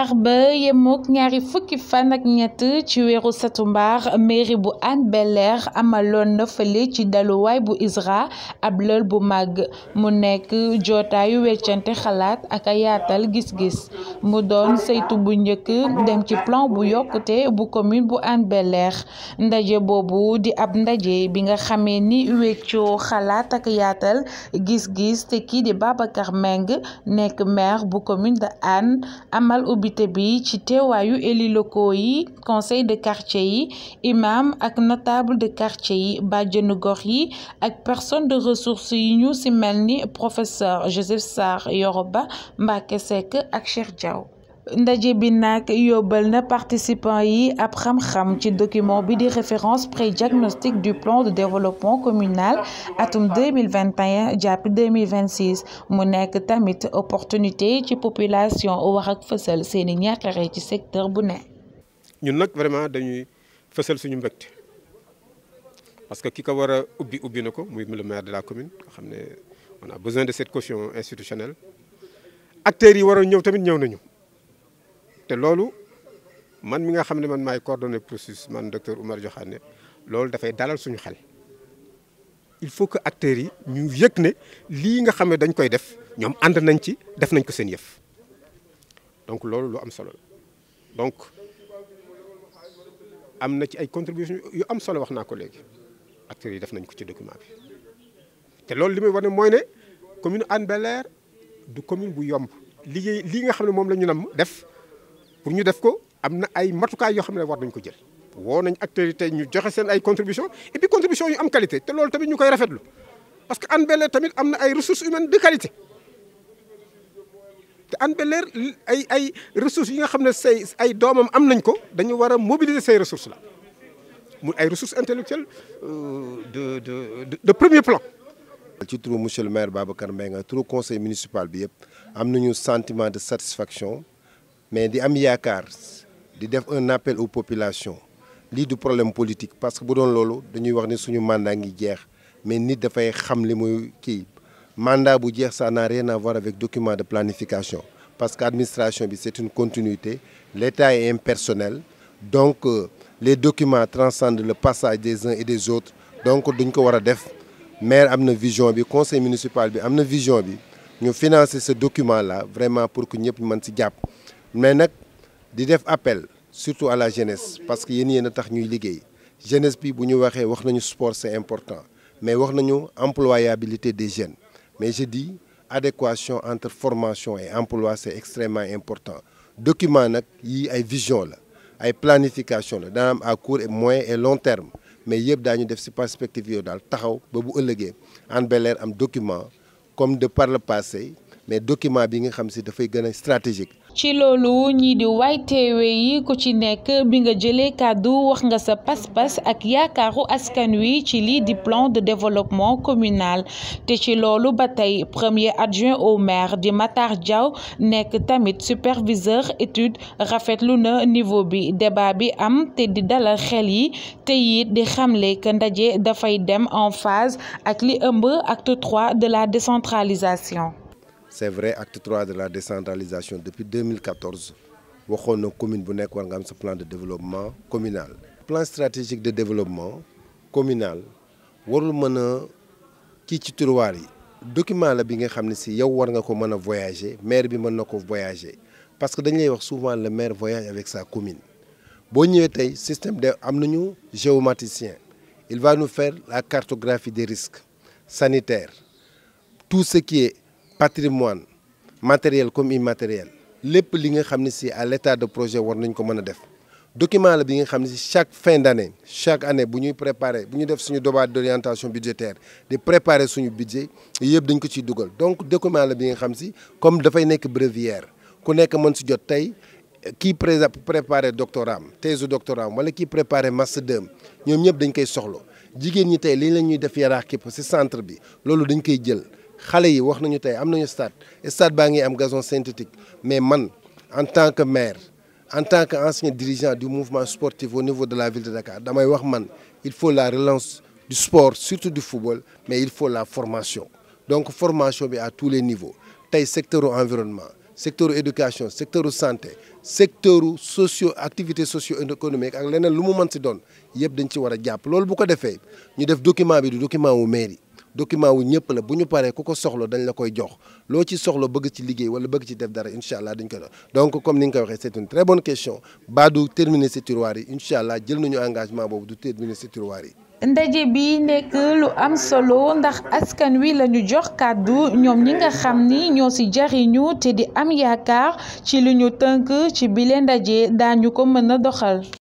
àllarba yemook ñaari fukki fan ak ñett ci weeru satumbar mairie bu Hann Bel-Air amaloon na fële ci daluwaay bu ISRA ab lël bu màgg mu nekk jotaayu weccante xalaat ak a yaatal gis-gis mu doon seytu bu njëkk dem ci plan bu yokkute bu commune bu Hann Bel-Air ndaje boobu di ab ndaje bi nga xamee ni weccoo xalaat ak yaatal gis-gis te kii di Babacar Mbengue nekk mer bu commune de Hann amal ubbi comité bi ci teewaayu yi conseil de quartier yi imam ak notable de quartier yi acte yi ak personne de ressources, yi ñu professeur Joseph Sar Yoroba, Ba Mbacké ak Cheikh Diaw ndaje bi nag yóbbal na participants yi ab xam-xam ci document bi di référence pré-diagnostic du plan de développement communal atum 2021 japp 2026 mu nek tamit opportunité ci population wax ak fësal seeni ñaxare ci secteur bu ne ñun nak vraiment dañuy fësal suñu parce que qui wara ubi ubi nako muy le maire de la commune on a besoin de cette caution institutionnelle acteurs yi war ñew tamit ñew nañu te loolu man mi nga xamné man may coordonner processus man docteur Oumar Diokhané da fay dalal suñu xel il faut que acteurs yi ñu yëg ne lii nga xamné dañ koy def ñom and nañ ci def nañ ko seen yef donc loolu lu am solo donc am na ci ay contribution yu am solo wax naa ko légui acteurs yi def nañ ko ci document bi té loolu limay wone moy né commune Hann Belair du commune bu yomb li lii nga xamné mom lañu nam def pour nous def ko am ay matukaay yo xam war nañ ko jël wo nañ acteurs des ñu ay contribution et puis contribution yu am qualité té loolu tamit ñu rafetlu parce que Hann Bel-Air tamit amna ay ressources humaines de qualité té Hann Bel-Air ay ay ressources yi nga xam ont, say ay am nañ ko dañu wara mobiliser ces ressources là mu ay ressources intellectuelles euh, de de de premier plan. ci turu monsieur le maire Babacar mbenga le conseil municipal bi yépp amna ñu sentiment de satisfaction mais di am yaakaar di def un appel aux populations lii du problème politique parce que bu doon loolu dañuy wax ne suñu mandat ngi jeex mais nit dafay xam li muy kii mandat bu ça n'a rien à voir avec document de planification parce que administration c'est une continuité l'État est impersonnel donc euh, les documents transcendent le passage des uns et des autres donc duñ ko war a def maire am vision le conseil municipal bi une vision bi ñu financer ce document là vraiment pour que ñëpp mën ci gap mais nous di appel surtout à la jeunesse parce que c'est ce tax ñuy La jeunesse bi sport c'est important mais nous employabilité des jeunes mais je dis adéquation entre formation et emploi c'est extrêmement important document documents, ont une vision la planification à court et moyen et long terme mais nous y def une perspective yooyu daal taxaw document comme de par le passé mais document bi nga xam si dafay gën a stratégique. ci loolu ñii di wayteewe yi ku ci nekk bi nga jëlee kàddu wax nga sa pas-pas ak yaakaaru askan wi ci lii di plan de développement communal te ci loolu ba premier adjoint au maire di Matar Diaw nekk tamit superviseur étude rafetlu na niveau bi débat bi am te di dalal xel yi te it di xamle que ndaje dafay dem en phase ak li ëmb acte 3 de la décentralisation c'est vrai acte 3 de la décentralisation depuis 2014 Nous de commune bu war plan de développement communal. plan stratégique de développement communal warul mën a ci document la bi nga xam ne si yow war nga voyager maire voyager parce que souvent le maire voyage avec sa commune nous avons système de géomaticien il va nous faire la cartographie des risques sanitaires tout ce qui est patrimoine matériel comme immatériel lepp li nga xamni ci à l'état de projet war nañ ko mëna def document la bi nga xamni chaque fin d'année chaque année bu ñuy préparer bu ñuy def suñu débat d'orientation budgétaire de préparer suñu budget yépp dañ ko ci dugal donc document la bi nga xam si comme fay nekk bréviaire ku nekk mën si jot tey qui préparé doctorat am thèse doctorat wala qui préparer master 2 ñoom ñëpp dañ koy soxlo jigéen ñi tey li la ñuy def yaraax képp si centre bi loolu dañ koy jël xalé yi wax nañu tay am nañu stade stade ba ngi am gazon synthétique mais man en tant que maire en tant que dirigeant du mouvement sportif au niveau de la ville de Dakar damay wax man il faut la relance du sport surtout du football mais il faut la formation donc formation bi à tous les niveaux tay secteur environnement secteur éducation secteur santé secteur socio activité socio économique ak leneen lu mu man de doon yëpp dañ ci wara japp lolou bu ko défé ñu def document bi du document wu mairie document wu ñëpp la bu ñu qui ku ko dañ la koy jox lo ci soxlo bëgg ci liggéey wala bëgg ci def dara dañ donc comme c'est une très bonne question Badou terminer cette tiroir yi jël engagement terminer cette tiroir yi. ndaje bi lu am solo ndax askan wi lañu jox ñom ñi nga ñoo ci jariñu té di am ci